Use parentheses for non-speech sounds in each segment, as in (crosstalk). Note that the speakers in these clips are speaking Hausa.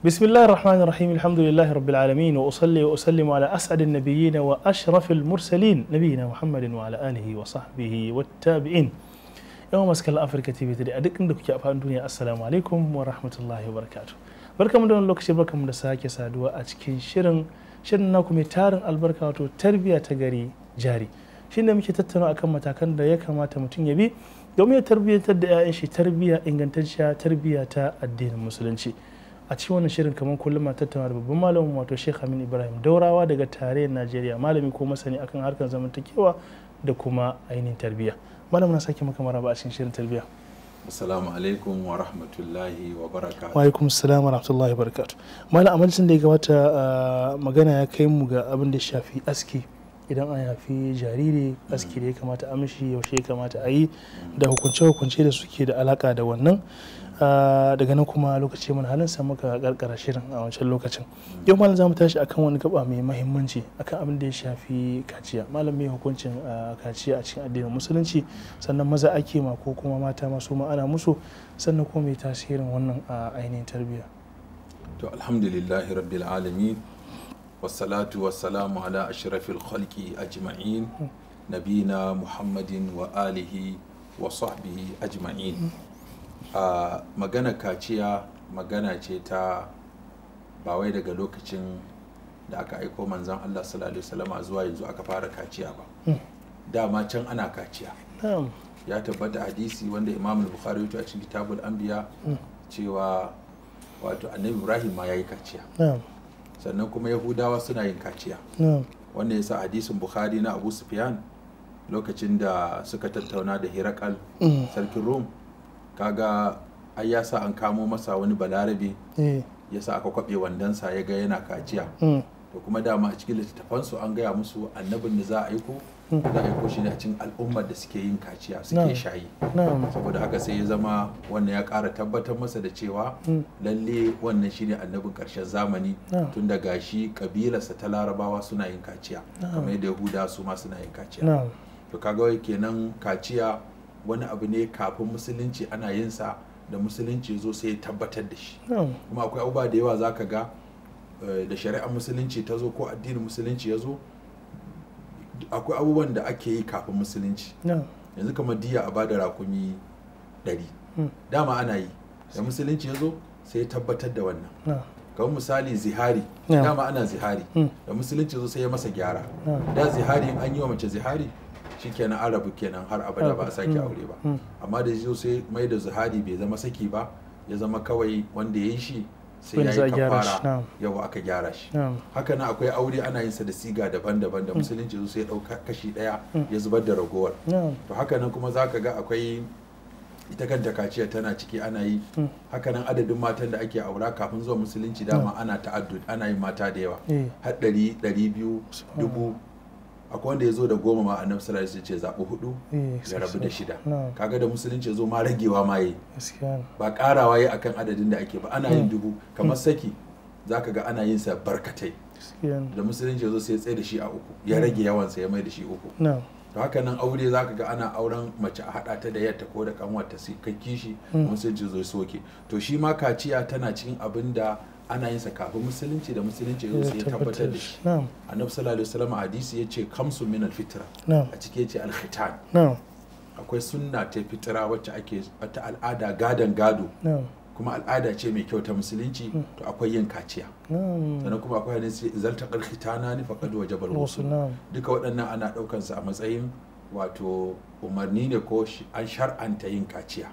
بسم الله الرحمن الرحيم الحمد لله رب العالمين وأصلي وأسلم على أسعد النبيين وأشرف المرسلين نبينا محمد وعلى آله وصحبه والتابعين يوم أسكال أفريكا تي في تري أدك ندك الدنيا السلام عليكم ورحمة الله وبركاته بركة من دون لوكشي بركة من دساكي سادوا أتكين شرن شرن ناكم يتارن البركة تربية تغري جاري شين دمي تتنو أكما تاكن دايا كما تمتين يبي يومي تربية تدعي شي تربية إنغان تنشا تربية تا الدين المسلنشي a cikin wannan shirin kamar kullum a tattauna da babban malamin wato Sheikh Amin Ibrahim Daurawa daga tarayyar Najeriya malami ko masani akan harkar zamantakewa da kuma ainihin tarbiyya malam na sake maka maraba a cikin shirin tarbiyya Assalamu alaikum wa rahmatullahi wa barakatuh. Wa alaikum assalam wa rahmatullahi wa barakatuh. Malam a majalisin da ya gabata ah, magana ya kai mu ga abin da shafi aski. idan an haifi jariri aski da ya kamata amshi yaushe ya kamata a yi da hukunce-hukunce da suke da alaka da wannan ah, daga nan kuma lokaci mun halin sa muka karkara shirin a wancan lokacin yau malam zamu tashi akan wani gaba mai mahimmanci akan abin da ya shafi kaciya malam mai hukuncin ah, kaciya a cikin addinin musulunci sannan maza ake ma ko kuma mata masu ma ana musu sannan kuma mai tasirin wannan a ah, ainihin tarbiyya to alhamdulillahi rabbil alamin wasalatu wasalamu ala ashrafil khalqi ajma'in nabina muhammadin wa alihi wa sahbihi ajma'in a magana kaciya magana ce ta ba wai daga lokacin da aka aiko manzan Allah sallallahu alaihi zuwa yanzu aka fara kaciya ba dama can ana kaciya ya tabbata hadisi wanda imam bukhari ya a cikin kitabul anbiya cewa wato annabi ibrahim ma yayi kaciya sannan kuma yahudawa suna yin kaciya wannan sa hadisin bukhari na abu sufyan lokacin da suka tattauna da hirakal mm. sarkin rom kaga ai ya sa an kamo masa wani balarabe eh. ya sa aka kwabe wandonsa ya ga yana kaciya mm. to kuma dama a cikin littattafansu an gaya musu annabin da za a yi ku? za a shi ne a cikin al'ummar da suke yin kaciya suke shayi saboda haka sai ya zama wannan ya ƙara tabbatar masa da cewa mm. lalle wannan shine annabin ƙarshen zamani tun gashi shi kabilarsa ta larabawa suna yin kaciya kamar yadda yahuda su ma suna yin kaciya to kaga wai kenan kaciya wani abu ne kafin musulunci ana yin sa da musulunci zo sai ya tabbatar da shi kuma akwai abubuwa da yawa zaka ga eh, da shari'ar musulunci ta zo ko addinin musulunci ya zo akwai abubuwan da ake yi kafin musulunci yanzu kamar diya a bada rakumi ɗari hmm. dama ana yi da musulunci ya zo sai ya tabbatar da wannan kamar misali zihari dama ana zihari hmm. da musulunci ya zo sai ya masa gyara da zihari in an yi wa mace zihari shi shikenan arabu kenan har abada ba a sake hmm. aure ba amma da zo sai mai da zihari bai zama saki ba ya zama kawai wanda ya yi shi sai ya yi kafara yawa aka gyara shi haka na akwai aure ana yin sa da siga daban-daban da mm. musulunci su sai ɗauka kashi ɗaya ya mm. zubar da ragowar to haka nan kuma za ka ga akwai ita kanta kaciya tana ciki ana yi mm. haka nan adadin matan da ake aura kafin zuwa musulunci dama ana ta'addud ana yin mata da yawa eh. har ɗari ɗari biyu dubu akwai wanda ya zo da goma ma annabi sallallahu alaihi ce zaɓi hudu eh, ya rabu da shida kaga da musulunci ya zo ma ragewa ma yayi ba karawa yi akan adadin da ake ba ana yin hmm. dubu kamar hmm. saki zaka ga ana yin sa barkatai da musulunci ya zo sai ya tsaye da shi a uku ya hmm. rage yawan sa ya mai da shi uku to haka nan aure zaka ga ana auren mace a haɗata ta da yatta ko da kanwarta sai ka kishi musulunci zo soke to shi ma kaciya tana cikin abin da ana yin sa kafin musulunci da musulunci ya sai tabbatar da shi annabi sallallahu alaihi wasallam hadisi yace kamsu min alfitra a cike yace alkhitan akwai sunna ta fitira wacce ake wata al'ada gadon gado kuma al'ada ce mai kyau ta musulunci hmm. to akwai yin kaciya sannan kuma akwai hadisi zalta alkhitana ni faqad wajaba al duka waɗannan ana ɗaukan su a matsayin wato umarni ne ko an shar'anta yin kaciya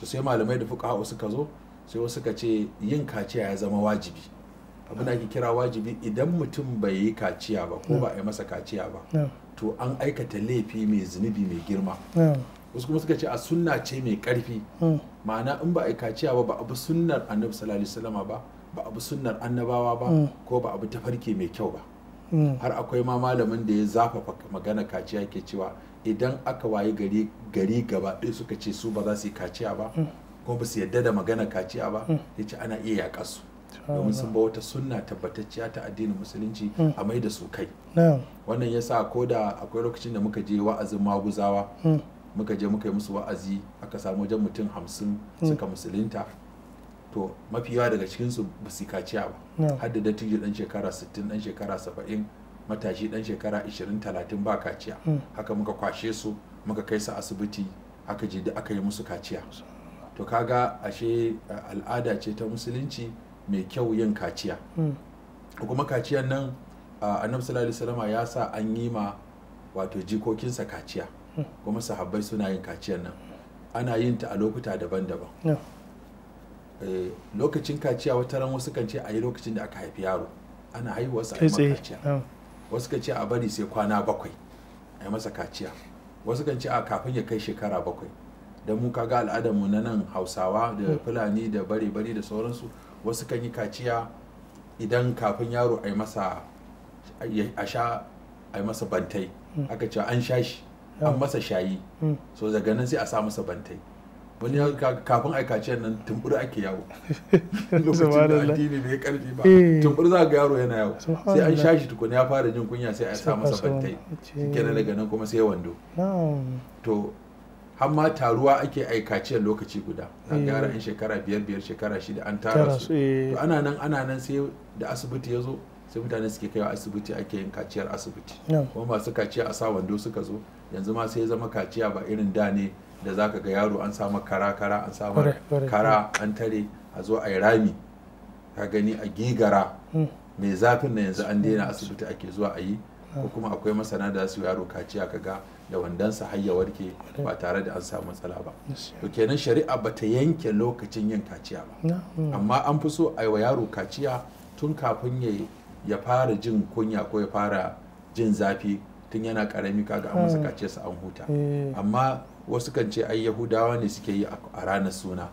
so sai malamai da fuqaha suka zo sai wasu ka ce yin kaciya ya zama wajibi abin da ake kira wajibi idan mutum bai yi kaciya ba ko ba a yi masa kaciya ba to an aikata laifi mai zunubi mai girma wasu kuma suka ce a sunna ce mai karfi hmm. ma'ana in ba a yi kaciya ba ba abu sunnar annabi sallallahu alaihi ba ba abu sunnar annabawa ba hmm. ko ba abu tafarki mai kyau ba hmm. har akwai ma malamin da ya zafafa magana kaciya ke cewa idan aka wayi gari gaba ɗaya suka ce su ba za su yi kaciya ba ko ba su yadda da magana kaciya ba hmm. ya ce ana iya yaƙa su domin sun ba wata sunna tabbatacciya ta addinin musulunci hmm. a mai da su kai wannan ya sa ko da akwai lokacin da muka je wa'azin maguzawa hmm. muka je muka yi musu wa'azi aka samu wajen mutum hamsin suka musulunta to mafi yawa daga cikinsu ba su kaciya ba har da dattijo dan shekara 60 dan shekara 70 matashi dan shekara 20 30 ba kaciya haka muka kwashe su muka kai su asibiti aka je da aka yi musu kaciya to kaga ashe al'ada ce ta musulunci mai kyau yin kaciya hmm. kuma kaciyan nan annabi sallallahu alaihi wasallam ya sa an yi ma wato jikokinsa kaciya hmm. kuma sahabbai suna yin kaciyan nan ana yin ta a lokuta daban-daban eh, lokacin kaciya wata ran wasu kan ce a yi lokacin da aka haifi yaro ana haihuwarsa a yi kaciya wasu kan ce a bari sai kwana bakwai a yi masa kaciya wasu kan ce a kafin ya kai shekara bakwai da mu kaga al'adar mu na nan hausawa da fulani da bare bare da sauransu wasu kan yi kaciya idan kafin yaro a masa a sha a masa bantai hmm. aka ce an sha shi an hmm. masa shayi hmm. so daga nan sai a sa masa bantai wani ya kafin kaciyar nan tumbur ake yawo (laughs) lokacin da addini mai karfi ba eh. tumbur za ga yaro yana yawo sai an sha shi tukuna ya fara jin kunya sai a sa masa bantai kenan daga nan kuma sai wando to har ma taruwa ake aikaciyar lokaci guda an eh. gara in shekara biyar biyar shekara shida an tara su eh. to ana nan ana nan sai da asibiti ya zo sai mutane suke kaiwa asibiti ake yin kaciyar asibiti kuma masu kaciya a sa wando suka zo yanzu ma sai zama kaciya ba irin da ne da za ka ga yaro an sama kara kara an sa kara an tare a zo a yi rami ka gani a gigara mai hmm. zafin na yanzu an daina hmm. asibiti ake zuwa a yi ko kuma akwai masana da su yaro kaciya ga da wandansa har ya warke ba tare da an samu matsala ba to kenan shari'a ba ta yanke lokacin yin kaciya ba amma an fi so a yi wa yaro kaciya tun kafin ya fara jin kunya ko ya fara jin zafi tun yana karami kaga an masa mm. sa an huta eh. amma wasu kan ce ai yahudawa ne suke yi a ranar suna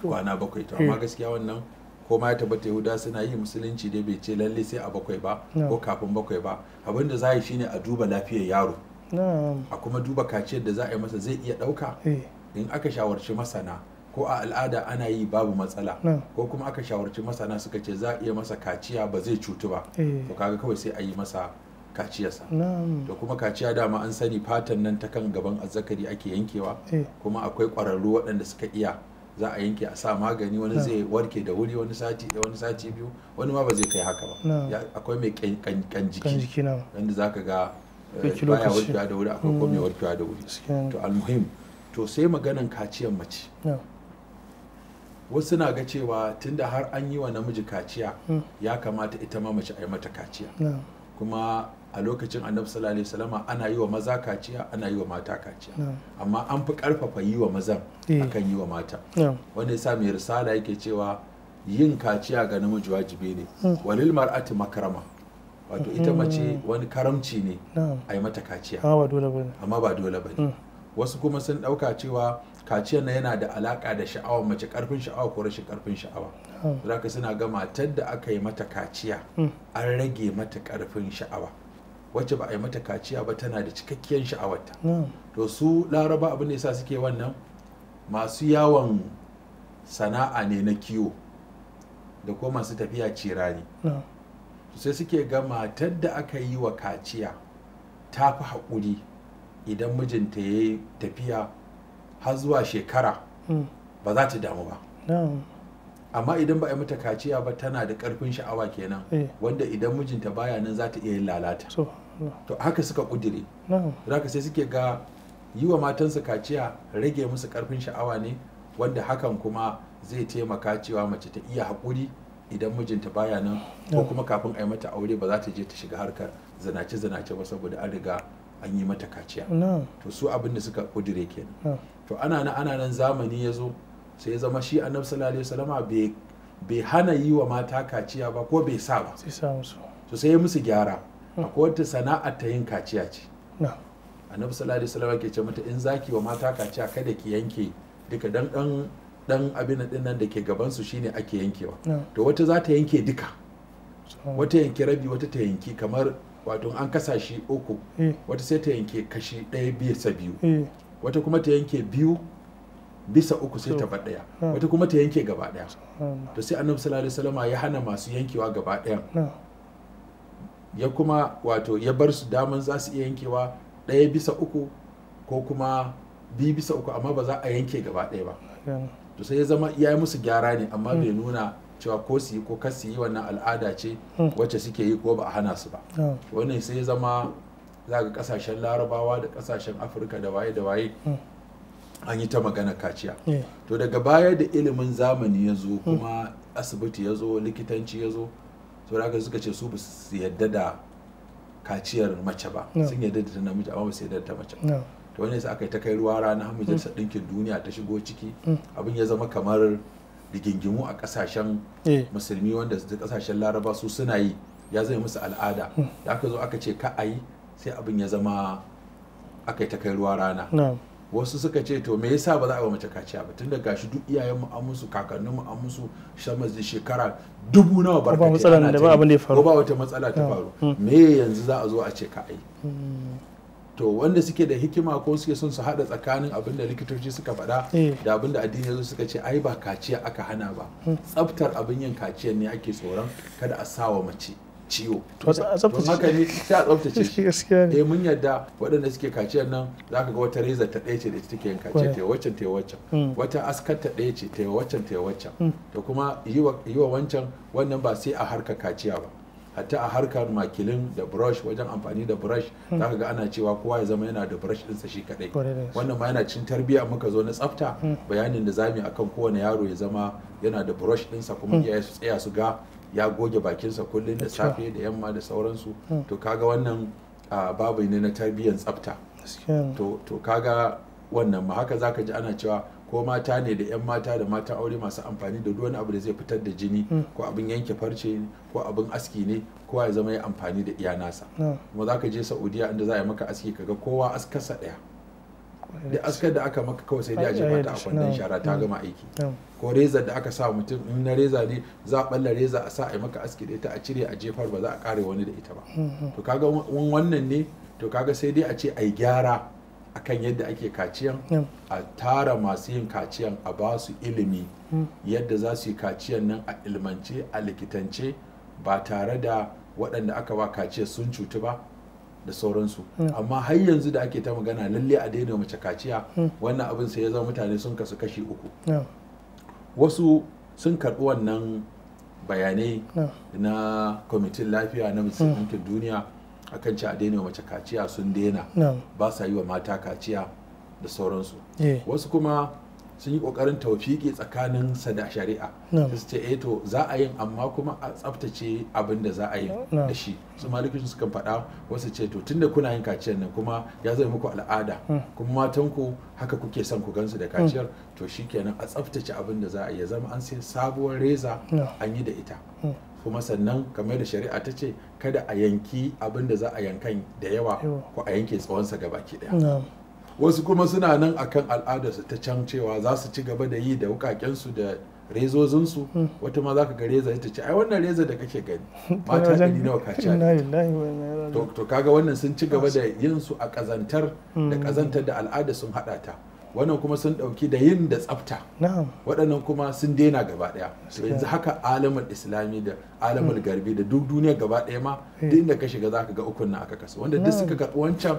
kwana bakwai to amma eh. gaskiya wannan ko ma ya tabbata yahuda suna yi musulunci dai bai ce lalle sai a bakwai ba ko kafin bakwai ba abin da za yi shine a duba lafiyar yaro a kuma duba kaciyar da za a yi masa zai iya ɗauka eh. in aka shawarci masana ko a al'ada ana yi babu matsala ko kuma aka shawarci masana suka ce za a iya masa kaciya ba zai cutu ba eh. to kaga kawai sai a yi masa kaciyarsa to kuma kaciya dama an sani fatan nan ta kan gaban azzakari ake yankewa eh. kuma akwai ƙwararru waɗanda suka iya za a yanke a sa magani wani zai warke da wuri wani sati da wani sati biyu wani ma ba zai kai haka ba akwai mai kan jiki wanda za ka ga eh, baya warkewa da wuri akwai kuma mai mm. warkewa da wuri to almuhim to sai maganan kaciyar mace wasu na ga cewa tunda har an yi wa namiji kaciya mm. ya kamata ita ma mace a yi mata kaciya kuma a lokacin annabi sallallahu alaihi wasallama ana yi wa maza kaciya ana yi wa mata kaciya amma an fi karfafa yi wa mazan eh. akan yi wa mata wanda yasa mai risala yake cewa yin kaciya ga namiji wajibi ne hmm. walil mar'ati makrama wato ita hmm. mace wani karamci ne a yi mata kaciya amma ba dole bane hmm. wasu kuma sun dauka cewa kaciyar na yana da alaka da sha'awa mace karfin sha'awa ko rashin karfin sha'awa zaka suna ga matar da aka yi mata kaciya an rage mata karfin sha'awa wacce ba a yi mata kaciya ba tana da cikakkiyar sha'awarta to su laraba abin da yasa suke wannan masu yawon sana'a ne na kiwo da ko masu tafiya cirani sai suke ga matar da aka yi wa kaciya ta fi haƙuri idan mijinta ya yi tafiya har zuwa shekara hmm. ba za ta damu ba amma idan ba a yi mata kaciya ba tana da ƙarfin sha'awa kenan eh. wanda idan mijinta baya nan za ta iya yin lalata to haka suka kudire zaka sai suke ga yi wa matansa kaciya rage musu karfin sha'awa ne wanda hakan kuma zai taimaka cewa mace ta iya haƙuri idan mijinta baya nan ko kuma kafin a yi mata aure ba za ta je ta shiga harkar zanace-zanace ba saboda an riga an yi mata kaciya to su abin da suka kudire kenan to ana nan ana nan zamani ya zo sai ya zama shi annabi sallallahu alaihi wasallama bai hana yi wa mata kaciya ba ko bai sa ba sai ya musu gyara Hmm. akwai wata sana'a ta yin kaciya ce annabi sallallahu alaihi wasallam ke ce mata in zaki wa mata kaciya kada ki yanke duka dan dan dan abin din nan da ke gaban su shine ake yankewa to wata za ta yanke duka wata yanke rabi wata ta yanki kamar wato an kasa shi uku eh. wata sai ta yanke kashi ɗaya sa biyu eh. wata kuma ta yanke biyu bisa uku sai ta ɗaya hmm. wata kuma ta yanke gaba ɗaya to sai annabi sallallahu alaihi wasallam ya hana masu yankewa gaba ɗaya ya kuma wato ya bar su daman za su iya yankewa ɗaya bisa uku ko kuma biyu bisa uku amma ba za a yanke gaba ɗaya ba to sai ya zama ya yi musu gyara ne amma bai hmm. nuna cewa ko su yi ko kas su yi wannan al'ada ce hmm. wacce suke yi ko ba a hana su ba hmm. wannan sai ya zama za ga kasashen larabawa da kasashen afirka da waye da waye an yi ta magana kaciya to daga baya da ilimin zamani ya zo kuma asibiti ya zo likitanci ya zo saboda da suka ce su ba su yadda da kaciyar mace ba sun yadda da namiji amma ba su yadda da mace to wani yasa aka yi ta kai ruwa rana har majalisar mm. ɗinkin duniya ta shigo ciki mm. abin ya zama kamar rigingimu a kasashen eh. musulmi wanda su kasashen laraba su suna yi ya zama musu al'ada mm. da aka zo aka ce ka a yi sai abin ya zama aka yi ta kai ruwa rana wasu suka ce to me yasa ba za a ba mace kaciya ba tunda gashi duk iyayen mu an musu kakannin mu an musu shamas da shekara dubu nawa barka ba matsala da ba abin da ya faru ba wata matsala ta faru hmm. me yanzu za a zo a ce ka ai hmm. to wanda suke da hikima ko suke son su hada tsakanin abin da likitoci suka faɗa eh. da abin da addini yanzu suka ce ai ba kaciya aka hana ba hmm. tsaftar abin yin kaciyan ne ake tsoron kada a sawa mace ciwo to haka ne sai a tsaftace shi (laughs) gaskiya ne eh mun yarda waɗanda suke kaciyar nan zaka ga wata reza ta ɗaya ce da take yin kaciya ta waccan ta waccan mm. wata askar ta ɗaya ce ta waccan ta waccan mm. da kuma yi wa wancan wannan ba sai a harka kaciya ba hatta a harkar makilin da brush wajen amfani da brush mm. zaka ga ana cewa kowa ya zama yana da brush ɗinsa shi kadai wannan ma yana cin tarbiyya muka zo na tsafta bayanin da zamu akan kowane yaro ya zama yana da brush ɗinsa kuma iyaye su tsaya su ga ya goge bakinsa kullum da safe da yamma da sauransu hmm. to kaga wannan babu ne na tarbiyyar tsafta to kaga wannan ma haka zaka ji ana cewa ko mata ne da 'yan mata da mata aure masu amfani da wani abu da zai fitar da jini hmm. ko abin yanke farce ne ko abin aski ne kowa ya zama ya amfani da iya nasa hmm. kuma za ka je saudiya inda za a yi maka aski kaga kowa askasa daya. da askar da aka maka kawai sai dai a a kwandon shara ta gama mm. aiki mm. ko reza da aka sa mutum in na reza ne za a balla reza a sa a yi maka aski da ita a cire a jefar ba za a kare wani da ita ba mm, to kaga wannan ne to kaga sai dai a ce a yi gyara akan yadda ake kaciyan a tara masu yin kaciyan a ba su ilimi yadda za su yi kaciyan nan a ilmance a likitance ba tare da waɗanda aka ba kaciyar sun cutu ba da sauransu hmm. amma har yanzu da ake ta magana lalle a daina mace kaciya hmm. wannan abin sai ya zama mutane sun kasu kashi uku hmm. wasu sun karɓi wannan bayanai na kwamitin lafiya na musulmin duniya akan ci a daina mace kaciya sun daina ba sa yi wa mata kaciya da sauransu eh. wasu kuma sun yi kokarin taufiki tsakanin sa da shari'a su ce eh to za a yin amma kuma a tsaftace abin da za a yi da shi su malikin su faɗa wasu ce to tunda kuna yin kaciyar nan kuma ya zai muku al'ada hmm. kuma matan ku haka kuke son ku gansu da kaciyar hmm. to shikenan a tsaftace abin da za a yi ya zama an sai sabuwar reza an yi da ita hmm. kuma sannan kamar da shari'a ta ce kada a yanki abin da za a yankan da yawa ko a yanke tsawonsa gabaki daya wasu kuma suna nan akan al'adarsu ta can cewa za su ci gaba da yi da wukakensu da rezozinsu wata ma za ka ga reza ita ce ai wannan reza da kake gani (laughs) mata dani nawa ka ci to kaga wannan sun ci gaba da yin su a kazantar da kazantar mm. da al'ada sun haɗa ta wannan kuma sun ɗauki da yin da tsafta waɗannan kuma sun daina gaba ɗaya yanzu haka alamar islami da alamar mm. garbi da duk duniya gaba ɗaya ma eh. duk inda ka shiga zaka ga ukun na aka kasu wanda duk suka ga wancan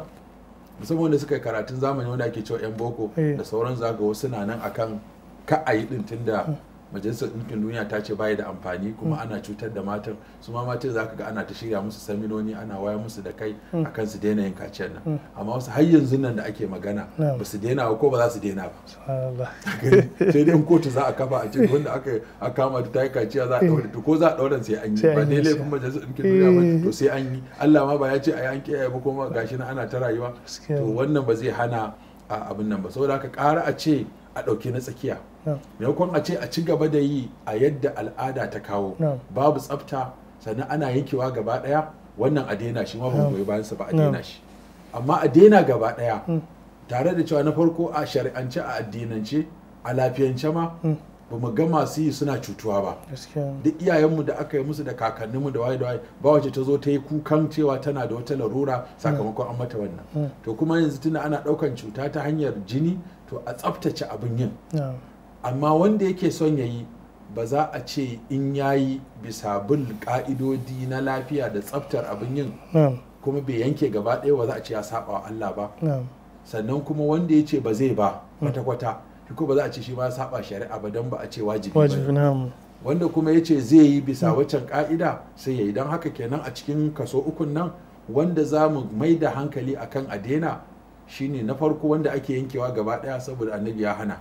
musamman da suka yi karatun zamani wanda ake cewa yan boko eh. da sauran zaga wasu na nan akan ka a yi da tunda mm. majalisar ɗinkin duniya ta ce bayi da amfani kuma mm. ana cutar da matan su ma matan za ka ga ana ta shirya musu saminoni ana waya musu da kai mm. a kan su daina yin kaciyar nan mm. amma wasu har yanzu nan da ake magana ba su daina ba ko ba za su daina ba sai dai kotu za a kafa a ce wanda aka kama ta yi kaciya za a eh. ɗaure ko za a ɗauren sai an yi ba dai laifin majalisar ɗinkin duniya ba eh. to sai an yi Allah ma ba ya ce a yi an kiyaye ba kuma gashi na ana ta rayuwa to wannan ba zai hana abin nan ba saboda haka kara a ce a ɗauke na tsakiya maimakon a ce a ci gaba da yi a yadda al'ada ta kawo babu tsafta sannan ana yankewa gaba ɗaya wannan a daina shi ma ban bayan sa ba a daina shi amma a daina gaba ɗaya mm. tare da cewa na farko a shari'ance a addinance a lafiyance ma mm. ba mu ga masu yi suna cutuwa ba duk iyayenmu da aka yi musu da kakanninmu da waye da waye ba wace ta zo ta yi kukan cewa tana da wata larura mm. sakamakon an mata wannan to kuma yanzu tuna ana ɗaukan cuta ta hanyar jini to a tsaftace abin yin amma wanda yake son ya yi ba za a ce in ya yi bisa bin ka'idodi na lafiya da tsaftar abin yin kuma bai yanke gaba ɗaya ba za a ce ya saba wa Allah ba sannan kuma wanda ya ce ba zai ba mm. kwata-kwata ko ba za a ce shi ba ya saba shari'a ba don ba a ce wajibi ba wanda kuma ya ce zai yi bisa waccan ka'ida sai ya yi don haka kenan a cikin kaso ukun nan wanda za mu mai da hankali akan a daina shine na farko wanda ake yankewa gaba daya saboda annabi ya hana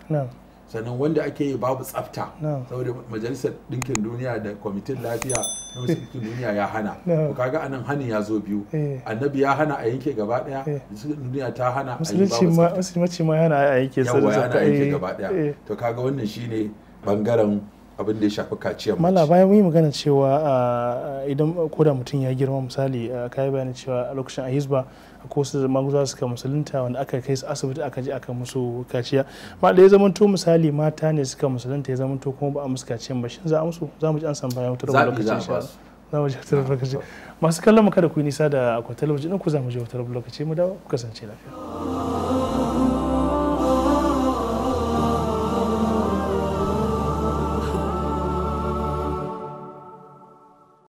sannan wanda ake yi babu tsafta saboda majalisar ɗinkin duniya da kwamitin lafiya na ɗinkin duniya ya hana to kaga anan hani ya zo biyu eh. annabi ya hana a yanke gaba ɗaya eh. duniya ta hana a yi babu tsafta musulunci ma yana a yanke yawa yana yanke eh. gaba daya to kaga wannan shine bangaren abin da ya shafi kaciyar mala bayan mun yi magana cewa idan koda mutum ya girma misali ka yi bayani cewa a lokacin a hisba ko su maguza suka musulunta wanda aka kai su asibiti aka je aka musu kaciya ma da ya to misali mata ne suka musulunta ya zamanto kuma ba a musu kaciyar ba shin za a musu za mu ji an san bayan wata lokacin shi za mu ji wata lokacin masu kallon mu kada ku yi nisa da akwai talabijin ku za mu ji wata lokacin mu dawo ku kasance lafiya